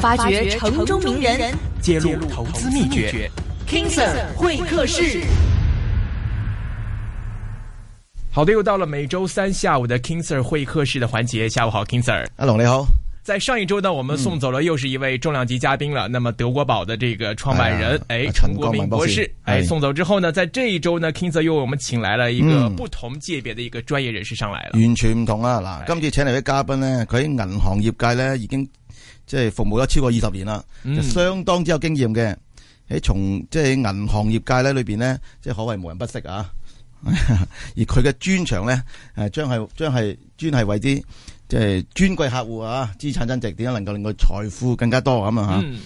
發掘城中名人，人，揭露投資秘訣。King Sir 會客室。好的，又到了每周三下午的 King Sir 會客室的環節。下午好，King Sir。阿龍你好。在上一周呢，我們送走了又是一位重量級嘉賓了。嗯、那麼德國寶的這個創辦人，哎，哎，陳國明博士。哎，士哎，送走之後呢，在這一周呢，King Sir 又為我們請來了一個不同界別的一個專業人士上來了。嗯、完全唔同啊！嗱、哎，今次請嚟的嘉賓呢，佢喺銀行業界呢已經。即係服務咗超過二十年啦，相當之有經驗嘅喺從即係銀行業界咧裏邊咧，即係可謂無人不識啊！而佢嘅專長咧，誒，將係將係專係為啲即係尊貴客戶啊，資產增值點樣能夠令到財富更加多咁啊！吓、嗯，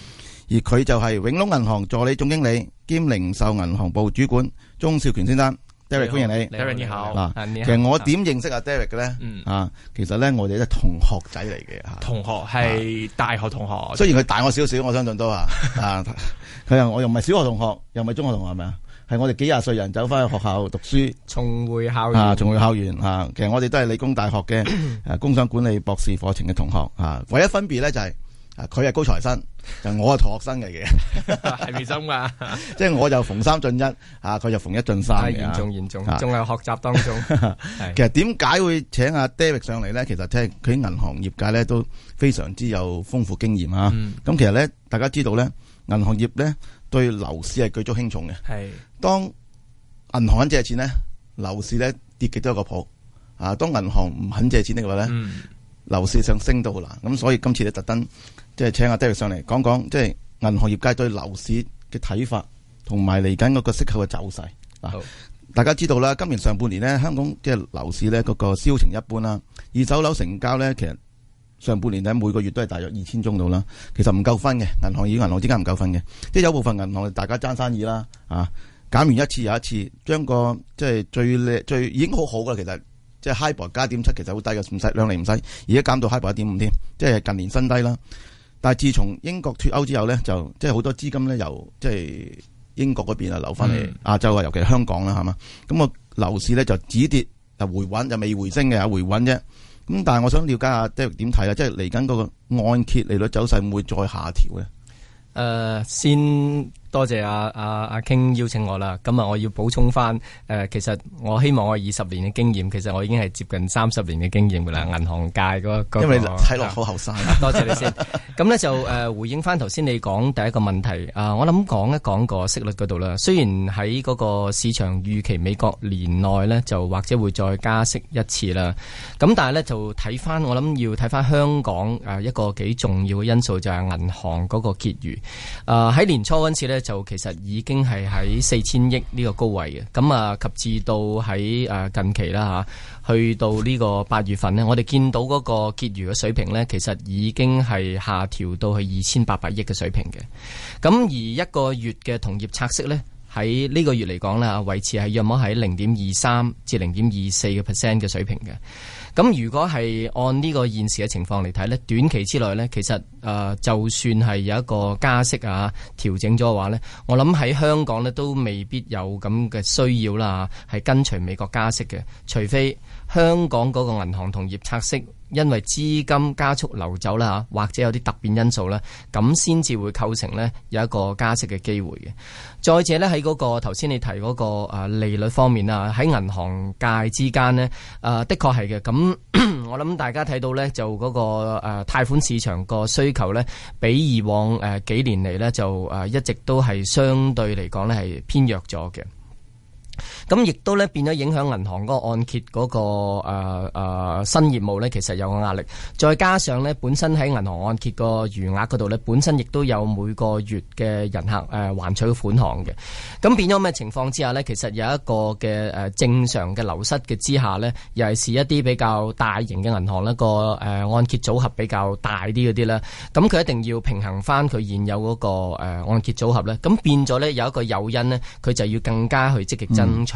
而佢就係永隆銀行助理總經理兼零售銀行部主管鍾少權先生。d e r e k 歡迎你。d e r e k 你好，其實我點認識阿、啊、d e r e k 嘅咧、嗯？啊，其實咧我哋係同學仔嚟嘅吓，同學係大學同學，啊、雖然佢大我少少，我相信都啊，啊，佢 又我又唔係小學同學，又唔係中學同學，係咪啊？係我哋幾廿歲人走翻去學校讀書， 重回校園、啊，重回校園、啊、其實我哋都係理工大學嘅、啊、工商管理博士課程嘅同學、啊、唯一分別咧就係、是。佢係高材生，就我係學生嚟嘅，係未深噶，即 係我就逢三進一，又一進哎，啊，佢就逢一進三，係嚴重嚴重，仲係學習當中。其實點解會請阿 David 上嚟咧？其實聽佢喺銀行業界咧，都非常之有豐富經驗啊。咁，嗯，其實咧，大家知道咧，銀行業咧對樓市係舉足輕重嘅。係當銀行肯借錢咧，樓市咧跌極都有個譜啊！當銀行唔肯借錢嘅話咧。嗯樓市上升到啦，咁所以今次呢特登即係請阿 Dee 上嚟講講，即係銀行業界對樓市嘅睇法，同埋嚟緊嗰個息口嘅走勢。好，大家知道啦，今年上半年呢，香港即係樓市呢，嗰個銷情一般啦，二手樓成交呢，其實上半年呢，每個月都係大約二千宗度啦，其實唔夠分嘅，銀行與銀行之間唔夠分嘅，即係有部分銀行大家爭生意啦，啊減完一次又一次，將個即係最叻最已經好好㗎啦，其實。即係 hyper 加點七，其實好低嘅，唔使兩厘唔使。而家減到 hyper 一點五添，即係近年新低啦。但係自從英國脫歐之後咧，就即係好多資金咧由即係英國嗰邊啊流翻嚟亞洲啊、嗯，尤其係香港啦，係嘛，咁個樓市咧就止跌啊，回穩就未回升嘅，回穩啫。咁但係我想了解下即係點睇啊，即係嚟緊嗰個按揭利率走勢會唔會再下調咧？誒、呃、先。多謝阿阿阿 King 邀請我啦，咁啊，我要補充翻，誒、呃，其實我希望我二十年嘅經驗，其實我已經係接近三十年嘅經驗噶啦，銀行界嗰、嗰個。因為睇落好後生，多謝你先。咁 咧就誒回應翻頭先你講第一個問題啊、呃，我諗講一講個息率嗰度啦。雖然喺嗰個市場預期美國年內咧就或者會再加息一次啦，咁但係咧就睇翻我諗要睇翻香港誒一個幾重要嘅因素就係、是、銀行嗰個結餘。誒、呃、喺年初嗰次咧，就其實已經係喺四千億呢個高位嘅。咁啊及至到喺誒近期啦吓、啊，去到呢個八月份呢，我哋見到嗰個結餘嘅水平呢，其實已經係下調到去二千八百億嘅水平嘅。咁而一個月嘅同業拆息呢，喺呢個月嚟講咧，維持係約莫喺零點二三至零點二四嘅 percent 嘅水平嘅。咁如果係按呢個現時嘅情況嚟睇呢，短期之內呢，其實誒就算係有一個加息啊調整咗嘅話呢，我諗喺香港呢都未必有咁嘅需要啦，係跟隨美國加息嘅，除非香港嗰個銀行同業拆息，因為資金加速流走啦吓，或者有啲突變因素咧，咁先至會構成有一個加息嘅機會嘅。再者呢，喺嗰個頭先你提嗰個誒利率方面啊，喺銀行界之間誒的確係嘅。咁 我諗大家睇到呢，就嗰個誒貸款市場個需求呢，比以往誒幾年嚟，呢就誒一直都係相對嚟講呢係偏弱咗嘅。咁亦都咧變咗影響銀行嗰個按揭嗰個誒誒新業務咧，其實有個壓力。再加上咧，本身喺銀行按揭個餘額嗰度咧，本身亦都有每個月嘅人客誒、呃、還取款項嘅。咁變咗咩情況之下咧？其實有一個嘅誒正常嘅流失嘅之下咧，又係是一啲比較大型嘅銀行一個誒按揭組合比較大啲嗰啲咧。咁佢一定要平衡翻佢現有嗰個誒按揭組合咧。咁變咗咧有一個誘因咧，佢就要更加去積極爭取、嗯。佢、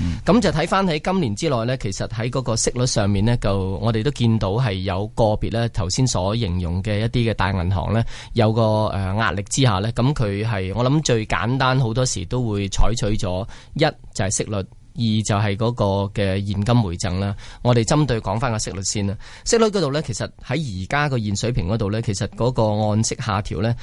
嗯、嘅，咁就睇翻喺今年之內呢，其實喺嗰個息率上面呢，就我哋都見到係有個別呢頭先所形容嘅一啲嘅大銀行呢，有個誒壓力之下呢。咁佢係我諗最簡單，好多時都會採取咗一就係、是、息率，二就係、是、嗰個嘅現金回正啦。我哋針對講翻個息率先啦，息率嗰度呢，其實喺而家個現水平嗰度呢，其實嗰個按息下調呢，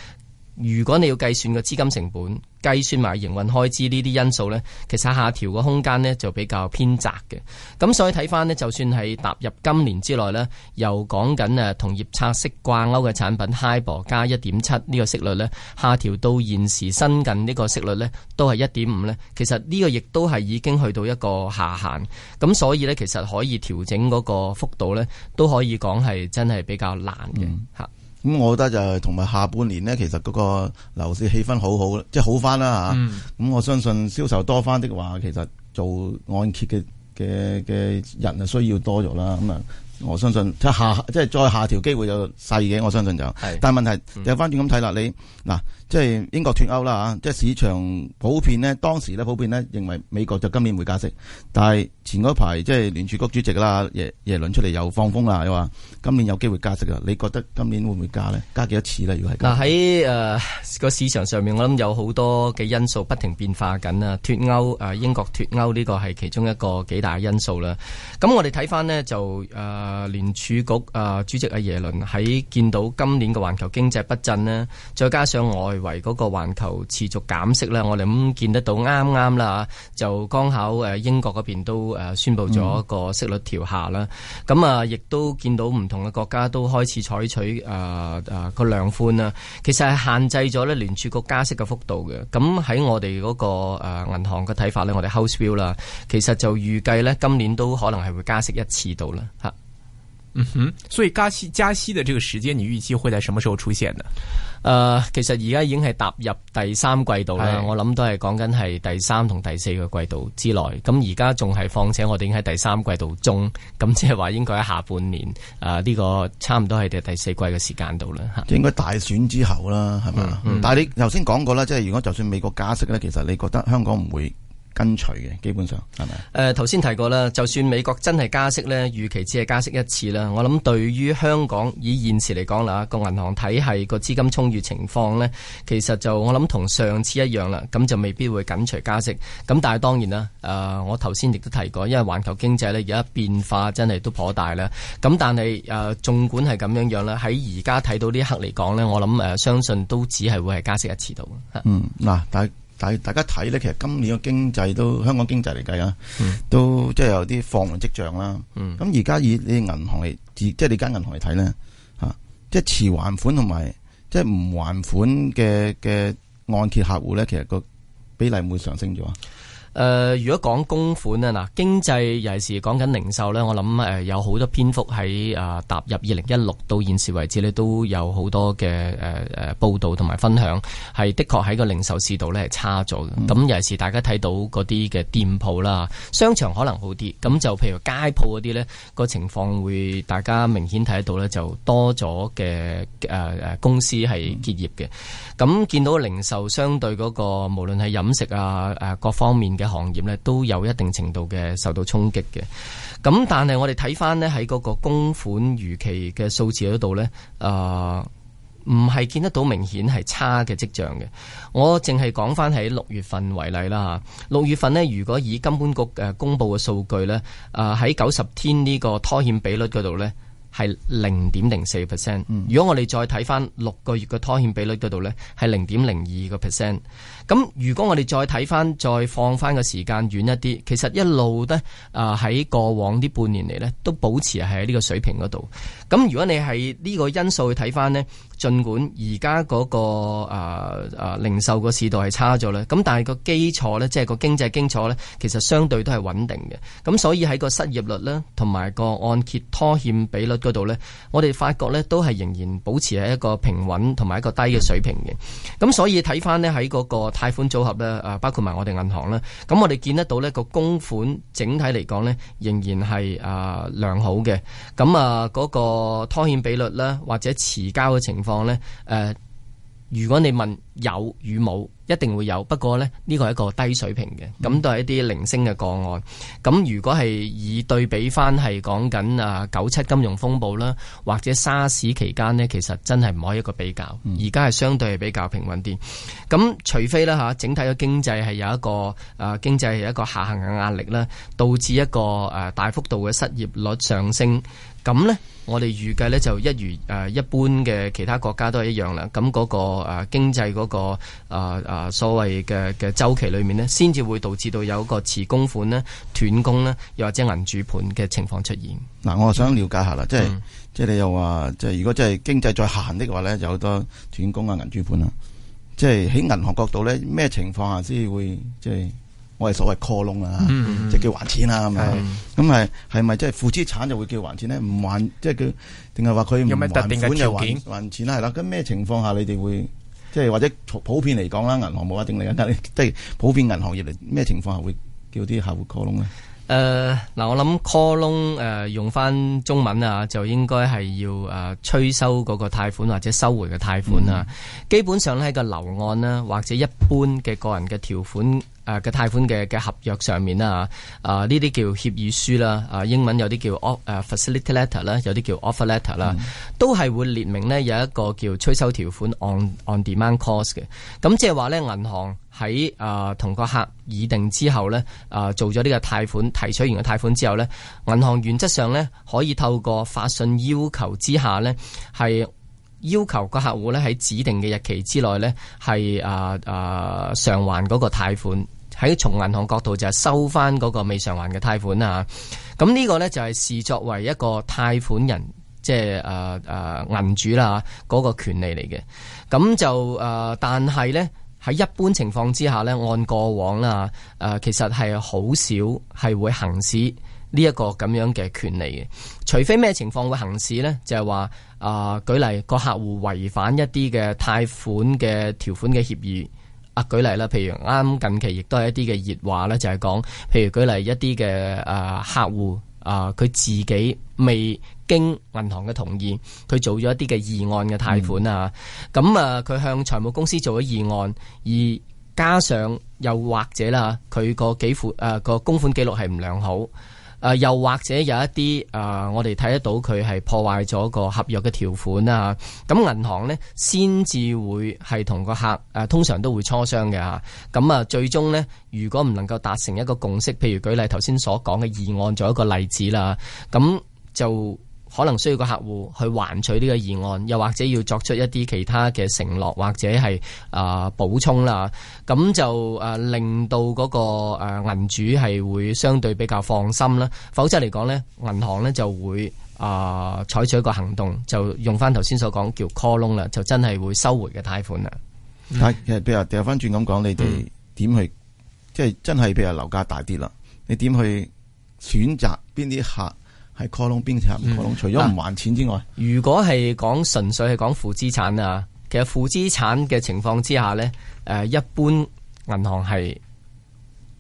如果你要計算個資金成本。計算埋營運開支呢啲因素呢，其實下調嘅空間呢就比較偏窄嘅。咁所以睇翻呢，就算係踏入今年之內呢，又講緊誒同業拆息掛鈎嘅產品，HIBOR 加一點七呢個息率呢，下調到現時新近呢個息率呢，都係一點五呢。其實呢個亦都係已經去到一個下限。咁所以呢，其實可以調整嗰個幅度呢，都可以講係真係比較難嘅吓。嗯咁我覺得就係同埋下半年咧，其實嗰個樓市氣氛好、即係、好即係好翻啦嚇。咁我相信銷售多翻的話，其實做按揭嘅嘅嘅人啊需要多咗啦。咁、嗯、啊，我相信即係下即係、即係、再下調機會就細嘅，我相信就。但係問題有翻轉咁睇啦，你嗱。即係英國脱歐啦吓，即係市場普遍呢，當時呢，普遍呢，認為美國就今年會加息，但係前嗰排即係聯儲局主席啦耶耶倫出嚟又放風啦，又話今年有機會加息啦，你覺得今年會唔會加呢？加幾多次啦？如果係，嗱喺個市場上面，我諗有好多嘅因素不停變化緊啊！脱歐、呃、英國脱歐呢個係其中一個幾大嘅因素啦。咁我哋睇翻呢，就誒、呃、聯儲局、呃、主席阿耶倫喺見到今年嘅環球經濟不振呢，再加上外為嗰個環球持續減息啦，我哋咁見得到啱啱啦吓，就剛巧誒英國嗰邊都誒宣布咗一個息率調下啦，咁啊亦都見到唔同嘅國家都開始採取誒誒個量寬啦，其實係限制咗咧聯儲局加息嘅幅度嘅，咁喺我哋嗰個誒銀行嘅睇法咧，我哋 House View 啦，其實就預計咧今年都可能係會加息一次到啦吓。嗯哼，所以加息加息嘅這個時間，你預期會在什麼時候出現呢？誒、呃，其實而家已經係踏入第三季度啦，我諗都係講緊係第三同第四個季度之內。咁而家仲係，況且我哋已經喺第三季度中，咁即係話應該喺下半年。誒、呃，呢、這個差唔多係第四季嘅時間度啦，吓。應該大選之後啦，係嘛、嗯嗯？但係你頭先講過啦，即係如果就算美國加息咧，其實你覺得香港唔會？跟隨嘅基本上係咪？誒，頭、呃、先提過啦，就算美國真係加息呢，預期只係加息一次啦。我諗對於香港以現時嚟講啦，個銀行體系個資金充裕情況呢，其實就我諗同上次一樣啦，咁就未必會緊隨加息。咁但係當然啦，誒、呃，我頭先亦都提過，因為環球經濟呢，而家變化真係都頗大啦。咁但係誒，縱、呃、管係咁樣樣啦，喺而家睇到呢一刻嚟講呢，我諗誒、呃，相信都只係會係加息一次到。嗯，嗱，大但，大家睇咧，其實今年嘅經濟都香港經濟嚟計啊，嗯、都、嗯、即係有啲放緩跡象啦。咁而家以你銀行嚟，即係你間銀行嚟睇咧，嚇、啊，即係遲還款同埋即係唔還款嘅嘅按揭客戶咧，其實個比例會上升咗。誒、呃，如果講公款咧，嗱，經濟尤其是講緊零售咧，我諗誒有好多篇幅喺，啊踏入二零一六到現時為止咧，都有好多嘅誒誒報道同埋分享，係的確喺個零售市道咧係差咗嘅。咁、嗯、尤其是大家睇到啲嘅店鋪啦，商場可能好啲，咁就譬如街鋪啲咧，嗰個情況會大家明顯睇得到咧，就多咗嘅誒誒公司係結業嘅。咁、嗯、見到零售相對、嗰個無論係飲食啊誒、啊、各方面嘅。行業咧都有一定程度嘅受到衝擊嘅，咁但係我哋睇翻咧喺嗰個供款逾期嘅數字嗰度呢，誒唔係見得到明顯係差嘅跡象嘅。我淨係講翻喺六月份為例啦，六月份呢，如果以金管局誒公布嘅數據呢，誒喺九十天呢個拖欠比率嗰度呢，係零點零四 percent。如果我哋再睇翻六個月嘅拖欠比率嗰度呢，係零點零二個 percent。咁如果我哋再睇翻、再放翻個時間遠一啲，其實一路呢，啊、呃、喺過往啲半年嚟呢，都保持係喺呢個水平嗰度。咁如果你係呢個因素去睇翻呢，儘管而家嗰個啊啊、呃呃、零售個市道係差咗啦，咁但係個基礎呢，即係個經濟基礎呢，其實相對都係穩定嘅。咁所以喺個失業率呢，同埋個按揭拖欠比率嗰度呢，我哋發覺呢，都係仍然保持喺一個平穩同埋一個低嘅水平嘅。咁所以睇翻呢，喺嗰個貸款組合咧，誒包括埋我哋銀行咧，咁我哋見得到咧，個供款整體嚟講咧，仍然係誒良好嘅，咁啊嗰個拖欠比率咧，或者遲交嘅情況咧，誒。如果你問有與冇，一定會有。不過呢呢個係一個低水平嘅，咁、嗯、都係一啲零星嘅個案。咁如果係以對比翻，係講緊啊九七金融風暴啦，或者沙士期間呢，其實真係唔可以一個比較。而家係相對係比較平穩啲。咁除非呢，嚇，整體嘅經濟係有一個啊經濟係一個下行嘅壓力啦，導致一個誒大幅度嘅失業率上升，咁呢。我哋預計咧就一如誒一般嘅其他國家都係一樣啦。咁、那、嗰個誒經濟嗰個所謂嘅嘅週期裏面咧，先至會導致到有一個持供款咧斷供、咧，又或者銀主盤嘅情況出現嗱。我想了解一下啦，即係即係你又話即係如果即係經濟再行的話咧，有好多斷供、啊、銀主盤啦。即係喺銀行角度咧，咩情況下先會即係？我哋所謂 call loan 啊，即係叫還錢啦，咁咪是？咁係係咪即係負資產就會叫還錢咧？唔還即係叫，定係話佢有咩特定嘅條件還還錢啦？係啦，咁咩情況下你哋會即係或者普遍嚟講啦，銀行冇一定嚟緊，但係普遍銀行業嚟咩情況下會叫啲客戶 call loan 咧？誒，嗱，我諗 call loan 誒、呃、用翻中文啊，就應該係要誒催收嗰個貸款或者收回嘅貸款啊。Mm -hmm. 基本上咧喺個樓按啦，或者一般嘅個人嘅條款誒嘅貸款嘅嘅合約上面啦、呃，啊呢啲叫協議書啦，啊英文有啲叫 off 誒、uh, facility letter 啦，有啲叫 offer letter 啦、mm -hmm.，都係會列明呢有一個叫催收條款 on on demand cause 嘅。咁即係話咧銀行。喺啊，同、呃、個客擬定之後呢，啊、呃、做咗呢個貸款提取完個貸款之後呢，銀行原則上呢，可以透過發信要求之下呢，係要求個客戶呢，喺指定嘅日期之內呢，係啊啊償還嗰個貸款。喺從銀行角度就係收翻嗰個未償還嘅貸款啦嚇。咁呢個呢，就係、是、視作為一個貸款人即係、就是呃、啊啊銀主啦嚇嗰個權利嚟嘅。咁就啊、呃，但係呢。喺一般情況之下咧，按過往啦，誒、呃、其實係好少係會行使呢一個咁樣嘅權利嘅。除非咩情況會行使呢，就係話啊，舉例個客戶違反一啲嘅貸款嘅條款嘅協議啊、呃，舉例啦，譬如啱近期亦都係一啲嘅熱話咧，就係、是、講，譬如舉例一啲嘅誒客戶啊，佢、呃、自己未經銀行嘅同意，佢做咗一啲嘅議案嘅貸款啊，咁啊佢向財務公司做咗議案，而加上又或者啦，佢個幾款誒個供款記錄係唔良好，誒又或者有一啲誒我哋睇得到佢係破壞咗個合約嘅條款啊，咁銀行呢，先至會係同個客誒通常都會磋商嘅吓，咁啊最終呢，如果唔能夠達成一個共識，譬如舉例頭先所講嘅議案做一個例子啦，咁就。可能需要個客戶去還取呢個議案，又或者要作出一啲其他嘅承諾，或者係啊、呃、補充啦。咁就啊、呃、令到嗰、那個誒銀、呃、主係會相對比較放心啦。否則嚟講呢，銀行呢就會啊、呃、採取一個行動，就用翻頭先所講叫 call 窿 call loan 啦，就真係會收回嘅貸款啦、嗯。其實譬如掉翻轉咁講，你哋點去即係、嗯就是、真係譬如樓價大跌啦，你點去選擇邊啲客？係除咗唔還錢之外，嗯啊、如果係講純粹係講負資產啊，其實負資產嘅情況之下呢，誒，一般銀行係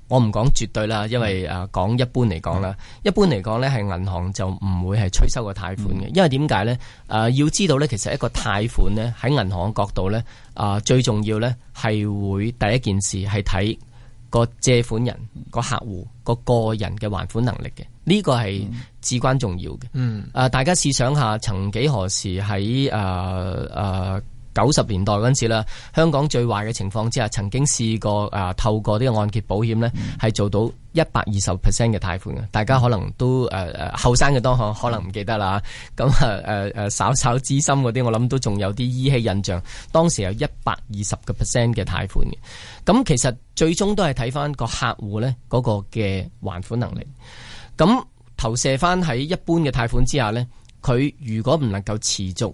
我唔講絕對啦，因為誒講一般嚟講啦，一般嚟講呢係銀行就唔會係催收個貸款嘅、嗯，因為點解呢？誒、啊，要知道呢，其實一個貸款呢，喺銀行角度呢，啊，最重要呢係會第一件事係睇。個借款人，個客戶，個個人嘅還款能力嘅，呢個係至關重要嘅。啊，大家試想一下，曾幾何時喺啊啊。呃呃九十年代嗰陣時啦，香港最壞嘅情況之下，曾經試過啊透過呢個按揭保險呢，係、嗯、做到一百二十 percent 嘅貸款嘅。大家可能都誒誒後生嘅當行可能唔記得啦，咁啊誒誒稍稍知心嗰啲，我諗都仲有啲依稀印象。當時有一百二十個 percent 嘅貸款嘅，咁其實最終都係睇翻個客戶呢嗰個嘅還款能力。咁投射翻喺一般嘅貸款之下呢，佢如果唔能夠持續。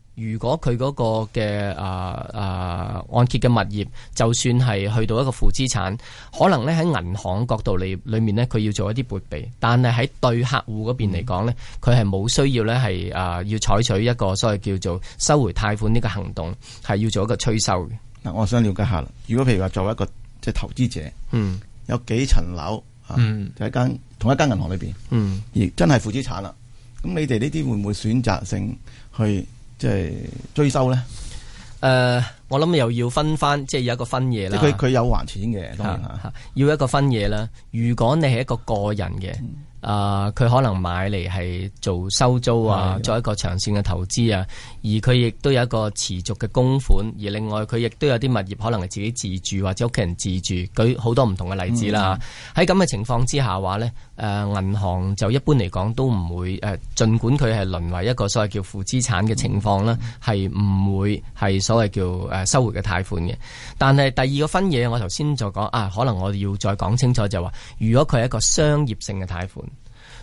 如果佢嗰個嘅，誒誒，按揭嘅物業，就算係去到一個負資產，可能咧喺銀行角度裏裏面咧，佢要做一啲撥備，但係喺對客戶嗰邊嚟講咧，佢係冇需要咧，係誒要採取一個所謂叫做收回貸款呢個行動，係要做一個催收嘅嗱。我想了解一下啦，如果譬如話作為一個即係投資者，嗯，有幾層樓，啊，嗯，喺一間同一間銀行裏邊，嗯，而真係負資產啦，咁你哋呢啲會唔會選擇性去？即係追收呢，呃、我諗又要分翻，即係有一個分野啦。佢佢有還錢嘅，當然。要一個分野啦。如果你係一個個人嘅，啊、呃，佢可能買嚟係做收租啊，做一個長線嘅投資啊。而佢亦都有一個持續嘅供款。而另外佢亦都有啲物業可能係自己自住或者屋企人自住，舉好多唔同嘅例子啦。喺咁嘅情況之下話呢。誒，銀行就一般嚟講都唔會誒，儘管佢係淪為一個所謂叫負資產嘅情況啦，係唔會係所謂叫誒收回嘅貸款嘅。但係第二個分野我剛才，我頭先就講啊，可能我要再講清楚就係話，如果佢係一個商業性嘅貸款，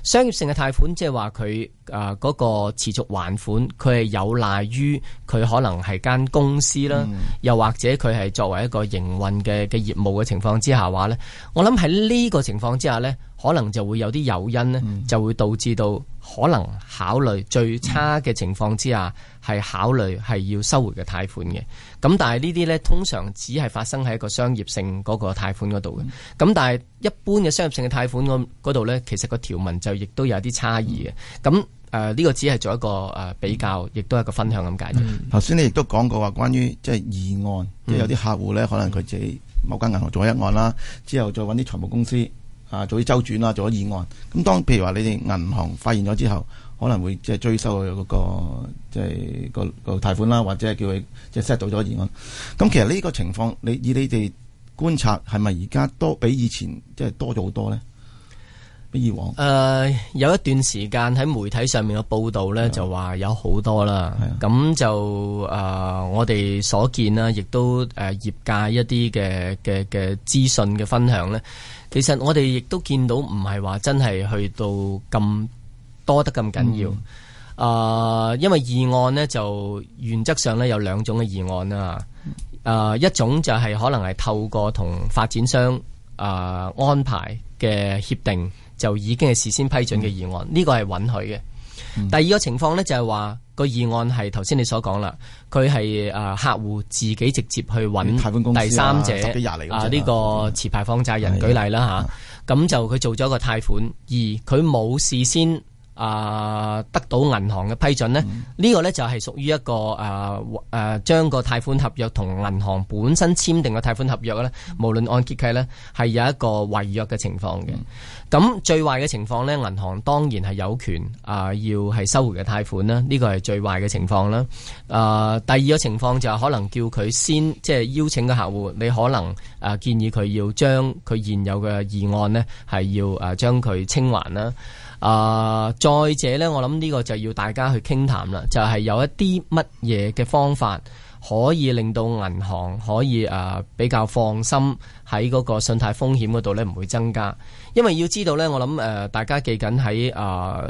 商業性嘅貸款即係話佢誒嗰個持續還款，佢係有賴於佢可能係間公司啦、嗯，又或者佢係作為一個營運嘅嘅業務嘅情況之下話呢，我諗喺呢個情況之下呢。可能就會有啲誘因呢、嗯、就會導致到可能考慮最差嘅情況之下，係、嗯、考慮係要收回嘅貸款嘅。咁但係呢啲呢，通常只係發生喺一個商業性嗰個貸款嗰度嘅。咁、嗯、但係一般嘅商業性嘅貸款嗰度呢，其實個條文就亦都有啲差異嘅。咁、嗯、呢、呃呢個只係做一個比較，嗯、亦都係一個分享咁解啫。頭先你亦都講過話，關於即係議案，嗯、有啲客戶呢，可能佢自己某間銀行做一案啦、嗯，之後再揾啲財務公司。啊，做啲周轉啦，做咗議案，咁當譬如話你哋銀行發現咗之後，可能會即係追收佢、那個即係、就是那個、就是、個貸款啦，或者叫佢即係 set 到咗議案。咁其實呢個情況，你以你哋觀察係咪而家多比以前即係多咗好多呢？比以往，誒、呃、有一段時間喺媒體上面嘅報道咧、啊，就話有好多啦。咁、啊、就誒、呃、我哋所見啦，亦都誒、呃、業界一啲嘅嘅嘅資訊嘅分享咧。其實我哋亦都見到，唔係話真係去到咁多得咁緊要。啊、嗯呃，因為議案呢，就原則上呢，有兩種嘅議案啦、呃。一種就係可能係透過同發展商啊、呃、安排嘅協定就已經係事先批准嘅議案，呢、嗯呢個係允許嘅、嗯。第二個情況呢，就係話。嗰個議案係頭先你所講啦，佢係誒客戶自己直接去揾第三者啊，呢個持牌放債人舉例啦吓。咁、嗯啊呢個嗯嗯嗯、就佢做咗個貸款，而佢冇事先。啊，得到銀行嘅批准呢，呢、嗯呢個呢就係屬於一個誒誒，將個貸款合約同銀行本身簽訂嘅貸款合約呢、嗯、無論按揭契呢，係有一個違約嘅情況嘅。咁、嗯、最壞嘅情況呢，銀行當然係有權啊、呃，要係收回嘅貸款啦。呢個係最壞嘅情況啦。啊、呃，第二個情況就係可能叫佢先，即、就、係、是、邀請嘅客戶，你可能啊建議佢要將佢現有嘅議案呢，係要啊將佢清還啦。啊、呃！再者呢，我諗呢個就要大家去傾談啦，就係、是、有一啲乜嘢嘅方法可以令到銀行可以啊、呃、比較放心喺嗰個信貸風險嗰度呢，唔會增加。因為要知道呢，我諗誒，大家記緊喺啊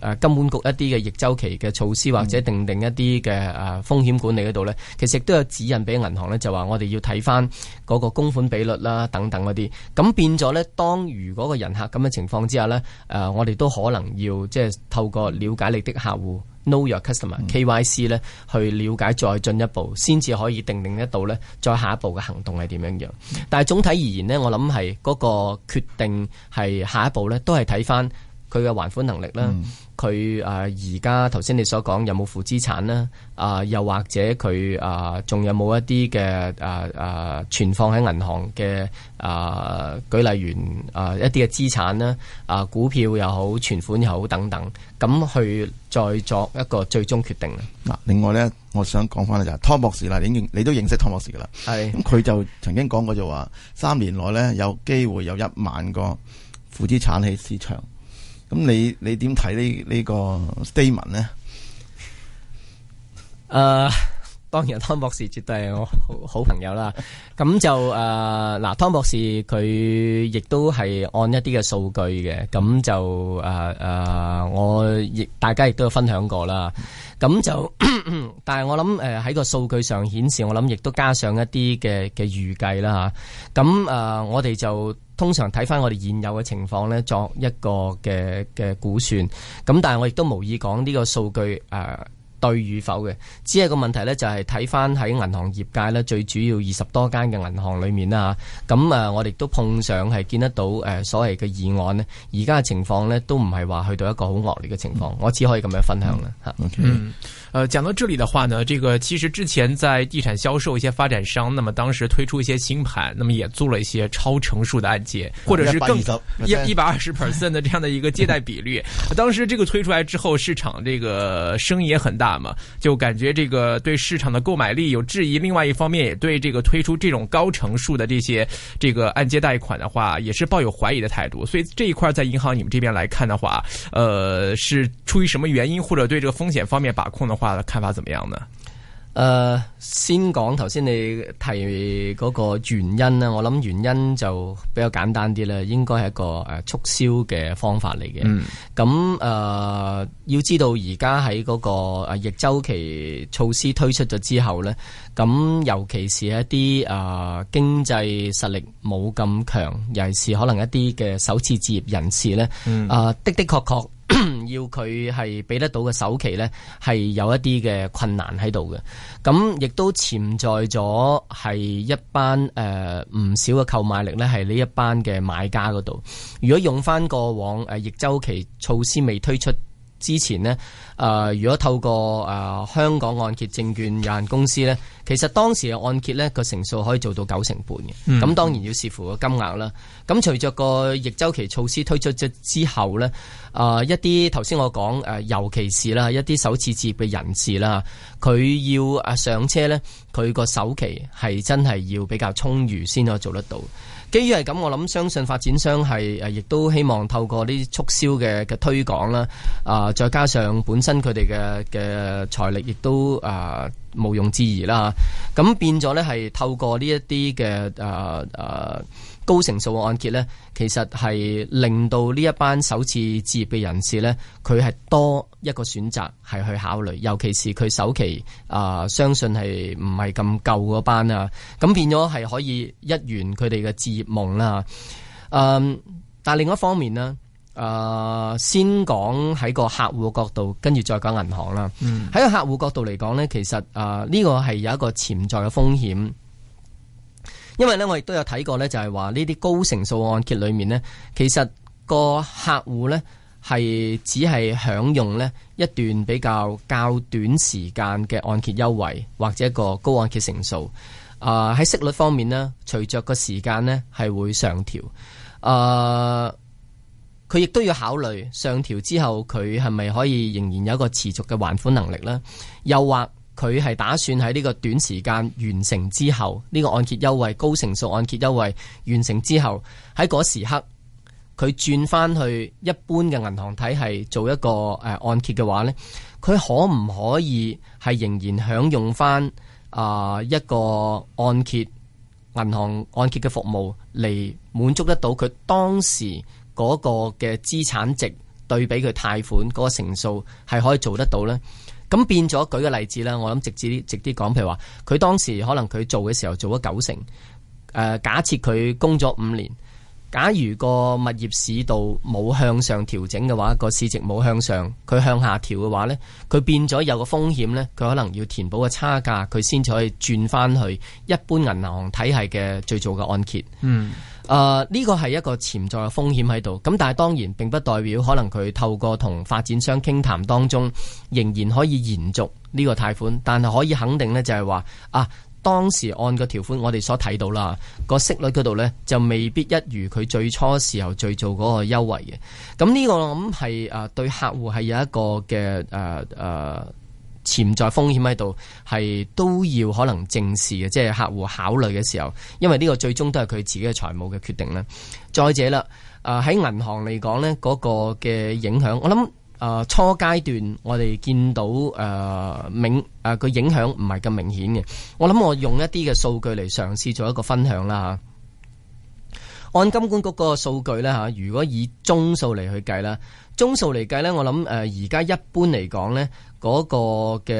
誒金管局一啲嘅逆周期嘅措施，或者定定一啲嘅誒風險管理嗰度呢，嗯、其實都有指引俾銀行呢，就話我哋要睇翻嗰個供款比率啦，等等嗰啲。咁變咗呢，當如果個人客咁樣嘅情況之下呢，誒，我哋都可能要即係透過了解你的客戶。Know your customer K Y C 咧，去了解再進一步，先至可以定定得到咧，再下一步嘅行動係點樣樣。但係總體而言咧，我諗係嗰個決定係下一步咧，都係睇翻佢嘅還款能力啦。嗯佢誒而家頭先你所講有冇負資產呢？啊，又或者佢誒仲有冇一啲嘅誒誒存放喺銀行嘅誒、啊、舉例完誒、啊、一啲嘅資產呢？啊，股票又好，存款又好，等等，咁去再作一個最終決定呢。嗱，另外呢，我想講翻咧就係湯博士啦，你認你都認識湯博士噶啦，係咁佢就曾經講過就話三年內呢，有機會有一萬個負資產喺市場。咁你你點睇呢呢個 statement 呢？誒、呃，當然湯博士絕對係我好好朋友啦。 咁就誒，嗱，湯博士佢亦都係按一啲嘅數據嘅，咁就誒誒、呃，我亦大家亦都有分享過啦。咁就， 但係我諗誒喺個數據上顯示，我諗亦都加上一啲嘅嘅預計啦吓。咁誒、呃，我哋就。通常睇翻我哋現有嘅情況呢，作一個嘅嘅估算。咁但係我亦都無意講呢個數據誒、呃、對與否嘅。只係個問題呢，就係睇翻喺銀行業界呢，最主要二十多間嘅銀行裏面啦，咁、啊、我哋都碰上係見得到誒所謂嘅議案呢，而家嘅情況呢，都唔係話去到一個好惡劣嘅情況。我只可以咁樣分享啦嚇。呃，講到這裏的話呢，這個其實之前在地產銷售一些發展商，那麼當時推出一些新盤，那麼也做了一些超成數的按揭，或者是更一一百二十 percent 的這樣的一個借貸比率。當時這個推出來之後，市場這個聲音也很大嘛，就感覺這個對市場的購買力有質疑。另外一方面，也對這個推出這種高成數的這些這個按揭貸款的話，也是抱有懷疑的態度。所以這一塊在銀行你們這邊來看的話，呃，是出於什麼原因，或者對這個風險方面把控的話？看法怎麼樣呢？誒、呃，先講頭先你提嗰個原因啦，我諗原因就比較簡單啲啦，應該係一個誒、啊、促銷嘅方法嚟嘅。咁、嗯、誒、呃，要知道而家喺嗰個、啊、逆周期措施推出咗之後呢，咁尤其是一啲誒、啊、經濟實力冇咁強，尤其是可能一啲嘅首次置業人士呢，誒、嗯啊、的的確確。要佢係俾得到嘅首期呢，係有一啲嘅困難喺度嘅。咁亦都潛在咗係一班誒唔少嘅購買力呢，係呢一班嘅買家嗰度。如果用返過往誒逆周期措施未推出。之前呢，如果透過香港按揭證券有限公司呢，其實當時嘅按揭呢個成數可以做到九成半嘅，咁、嗯、當然要視乎個金額啦。咁隨着個逆周期措施推出咗之後呢，一啲頭先我講，尤其是啦一啲首次置業嘅人士啦，佢要上車呢，佢個首期係真係要比較充裕先可以做得到。基於係咁，我諗相信發展商係誒，亦都希望透過呢啲促銷嘅嘅推廣啦，啊，再加上本身佢哋嘅嘅財力，亦都啊毋庸置疑啦。咁變咗呢係透過呢一啲嘅誒誒。高成數嘅按揭呢，其實係令到呢一班首次置業嘅人士呢，佢係多一個選擇係去考慮，尤其是佢首期啊、呃，相信係唔係咁夠嗰班啊，咁變咗係可以一圓佢哋嘅置業夢啦，嗯。但另一方面呢，誒、呃，先講喺個客戶角度，跟住再講銀行啦。喺、嗯、個客戶角度嚟講呢，其實誒呢個係有一個潛在嘅風險。因為咧，我亦都有睇過呢，就係話呢啲高成數的按揭裏面呢，其實個客戶呢係只係享用咧一段比較較短時間嘅按揭優惠或者一個高按揭成數。啊、呃，喺息率方面呢，隨着個時間呢係會上調。啊、呃，佢亦都要考慮上調之後佢係咪可以仍然有一個持續嘅還款能力呢？又或？佢係打算喺呢個短時間完成之後，呢、這個按揭優惠，高成數按揭優惠完成之後，喺嗰時刻佢轉翻去一般嘅銀行體系做一個誒按揭嘅話呢，佢可唔可以係仍然享用翻啊，一個按揭銀行按揭嘅服務嚟滿足得到佢當時嗰個嘅資產值對比佢貸款嗰、那個成數係可以做得到呢？咁變咗，舉個例子啦，我諗直接啲直啲講，譬如話，佢當時可能佢做嘅時候做咗九成，呃、假設佢工作五年，假如個物業市道冇向上調整嘅話，個市值冇向上，佢向下調嘅話呢，佢變咗有個風險呢，佢可能要填補個差價，佢先至可以轉翻去一般銀行體系嘅最早嘅按揭。嗯。誒、呃，呢個係一個潛在嘅風險喺度，咁但係當然並不代表可能佢透過同發展商傾談當中，仍然可以延續呢個貸款，但係可以肯定呢，就係話，啊，當時按個條款我哋所睇到啦，個息率嗰度呢，就未必一如佢最初時候最做嗰個優惠嘅，咁呢個咁係誒對客戶係有一個嘅誒誒。呃呃潛在風險喺度，係都要可能正視嘅，即係客戶考慮嘅時候，因為呢個最終都係佢自己嘅財務嘅決定啦。再者啦，喺、呃、銀行嚟講呢嗰個嘅影響，我諗誒、呃、初階段我哋見到誒、呃、明誒佢、呃、影響唔係咁明顯嘅。我諗我用一啲嘅數據嚟嘗試做一個分享啦嚇按金管局個數據咧嚇，如果以宗數嚟去計啦，宗數嚟計咧，我諗誒而家一般嚟講咧，嗰個嘅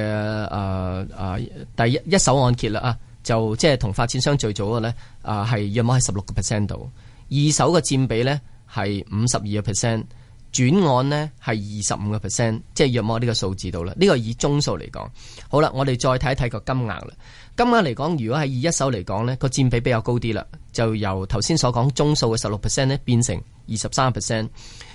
誒誒第一一手按揭啦啊，就即係同發展商最早嘅咧，啊係約莫係十六個 percent 度，二手嘅佔比咧係五十二個 percent，轉按咧係二十五個 percent，即係約莫呢個數字度啦。呢個以宗數嚟講，好啦，我哋再睇一睇個金額啦。今晚嚟講，如果係以一手嚟講，呢個佔比比較高啲啦，就由頭先所講中數嘅十六 percent 咧，變成二十三 percent。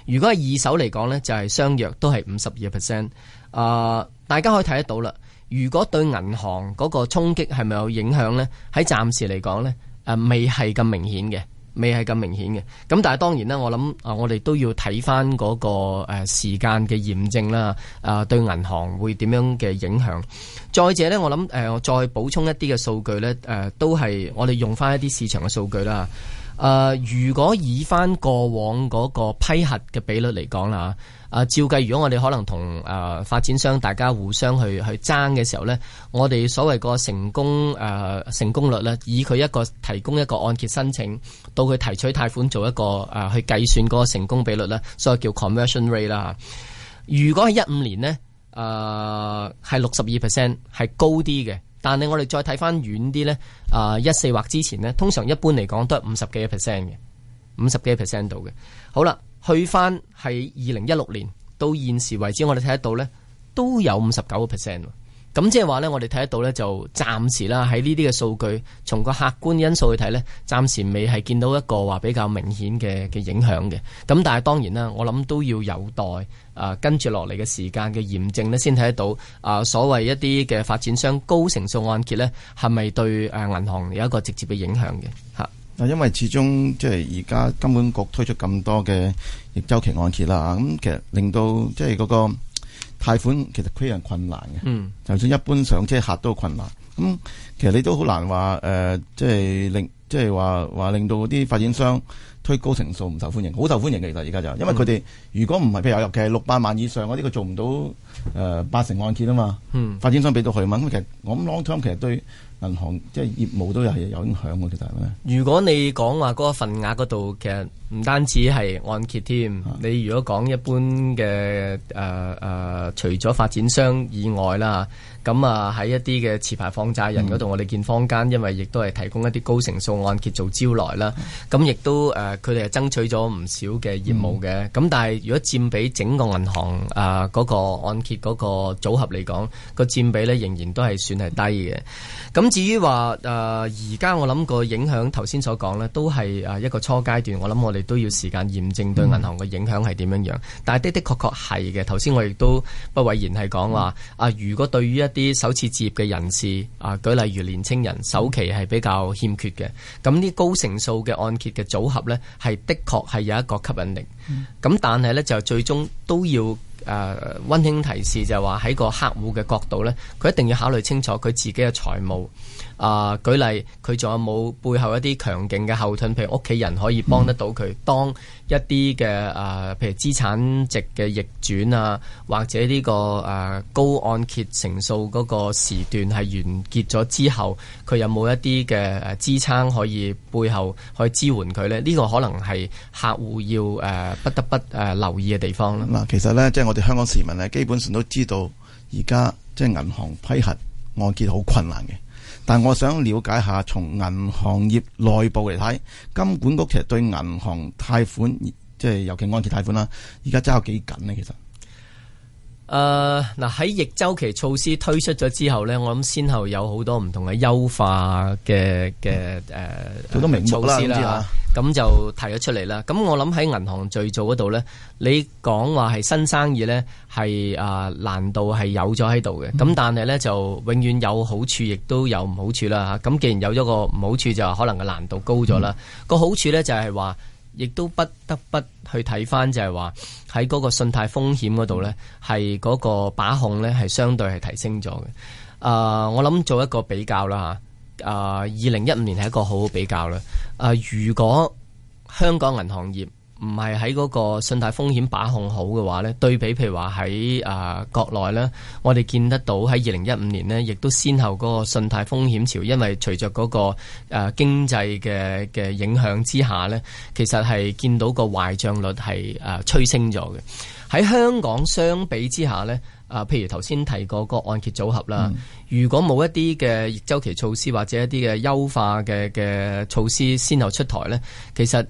如果係二手嚟講呢，就係相若都係五十二 percent。啊、呃，大家可以睇得到啦。如果對銀行嗰個衝擊係咪有影響呢？喺暫時嚟講呢，誒未係咁明顯嘅。未係咁明顯嘅，咁但係當然啦，我諗啊，我哋都要睇翻嗰個誒時間嘅驗證啦，啊，對銀行會點樣嘅影響？再者呢，我諗誒，我再補充一啲嘅數據呢，誒，都係我哋用翻一啲市場嘅數據啦。誒，如果以翻過往嗰個批核嘅比率嚟講啦啊，照計如果我哋可能同誒、啊、發展商大家互相去去爭嘅時候呢，我哋所謂個成功誒、啊、成功率呢，以佢一個提供一個按揭申請到佢提取貸款做一個誒、啊、去計算嗰個成功比率呢，所以叫 conversion rate 啦。如果喺一五年呢，誒係六十二 percent 係高啲嘅，但係我哋再睇翻遠啲呢，啊一四或之前呢，通常一般嚟講都係五十幾 percent 嘅，五十幾 percent 度嘅。好啦。去翻係二零一六年到現時為止，我哋睇得到呢都有五十九個 percent。咁即係話呢，就是、我哋睇得到呢就暫時啦，喺呢啲嘅數據，從個客觀因素去睇呢，暫時未係見到一個話比較明顯嘅嘅影響嘅。咁但係當然啦，我諗都要有待啊跟住落嚟嘅時間嘅驗證呢，先睇得到啊所謂一啲嘅發展商高成數按揭呢，係咪對誒銀行有一個直接嘅影響嘅嚇？因為始終即係而家金管局推出咁多嘅逆周期按揭啦，咁其實令到即係嗰個貸款其實非常困難嘅。嗯，就算一般上車客都困難。咁其實你都好難話誒，即係令即係話話令到啲發展商推高成數唔受歡迎，好受歡迎嘅其實而家就，因為佢哋如果唔係譬如又尤其係六百萬以上嗰啲，佢、這個、做唔到誒八成按揭啊嘛。嗯，發展商俾到佢嘛。咁其實我諗 long term 其實對。銀行即係業務都有係有影響嘅，其實如果你講話嗰個份額嗰度，其實唔單止係按揭添。啊，你如果講一般嘅，誒誒，除咗發展商以外啦，咁啊喺一啲嘅持牌放債人嗰度，嗯、那裡我哋見坊間因為亦都係提供一啲高成數按揭做招來啦。咁亦都誒，佢哋係爭取咗唔少嘅業務嘅。咁、嗯、但係如果佔比整個銀行誒嗰、呃嗰個按揭嗰個組合嚟講，個佔比咧，仍然都係算係低嘅。咁至於話誒，呃、而家我諗個影響，頭先所講呢都係誒一個初階段。我諗我哋都要時間驗證對銀行嘅影響係點樣樣。嗯、但係的的確確係嘅。頭先我亦都不諱言係講話啊。如果對於一啲首次置業嘅人士啊，舉例如年青人，首期係比較欠缺嘅，咁啲高成數嘅按揭嘅組合呢，係的確係有一個吸引力。咁、嗯、但係呢就最終都要。誒、啊、溫馨提示就係話喺個客戶嘅角度咧，佢一定要考慮清楚佢自己嘅財務。啊！舉例，佢仲有冇背後一啲強勁嘅後盾，譬如屋企人可以幫得到佢當一啲嘅啊，譬如資產值嘅逆轉啊，或者呢個誒高按揭成數嗰個時段係完結咗之後，佢有冇一啲嘅支撐可以背後去支援佢呢？呢個可能係客戶要誒不得不誒留意嘅地方啦。嗱，其實呢，即係我哋香港市民呢基本上都知道而家即係銀行批核按揭好困難嘅。但係我想了解下，從銀行業內部嚟睇，金管局其實對銀行貸款，即係尤其按揭貸款啦，而家揸有幾緊咧，其實。誒，嗱喺逆周期措施推出咗之後呢，我諗先後有好多唔同嘅優化嘅嘅誒，好、嗯、多名措施啦，咁就提咗出嚟啦。咁我諗喺銀行最造嗰度呢，你講話係新生意呢，係啊難度係有咗喺度嘅。咁、嗯、但係呢，就永遠有好處，亦都有唔好處啦。咁既然有咗個唔好處，就可能個難度高咗啦。嗯那個好處呢，就係話。亦都不得不去睇返，就係話喺嗰個信貸風險嗰度呢，係嗰個把控呢，係相對係提升咗嘅、呃。我諗做一個比較啦吓，誒、呃，二零一五年係一個好好比較啦、呃。如果香港銀行業唔係喺嗰個信貸風險把控好嘅話呢，對比譬如話喺啊國內呢，我哋見得到喺二零一五年呢，亦都先後嗰個信貸風險潮，因為隨着嗰、嗰個誒、呃、經濟嘅嘅影響之下呢，其實係見到個壞帳率係誒趨升咗嘅。喺香港相比之下呢啊、呃、譬如頭先提過個按揭組合啦、嗯，如果冇一啲嘅逆周期措施或者一啲嘅優化嘅嘅措施先後出台呢，其實。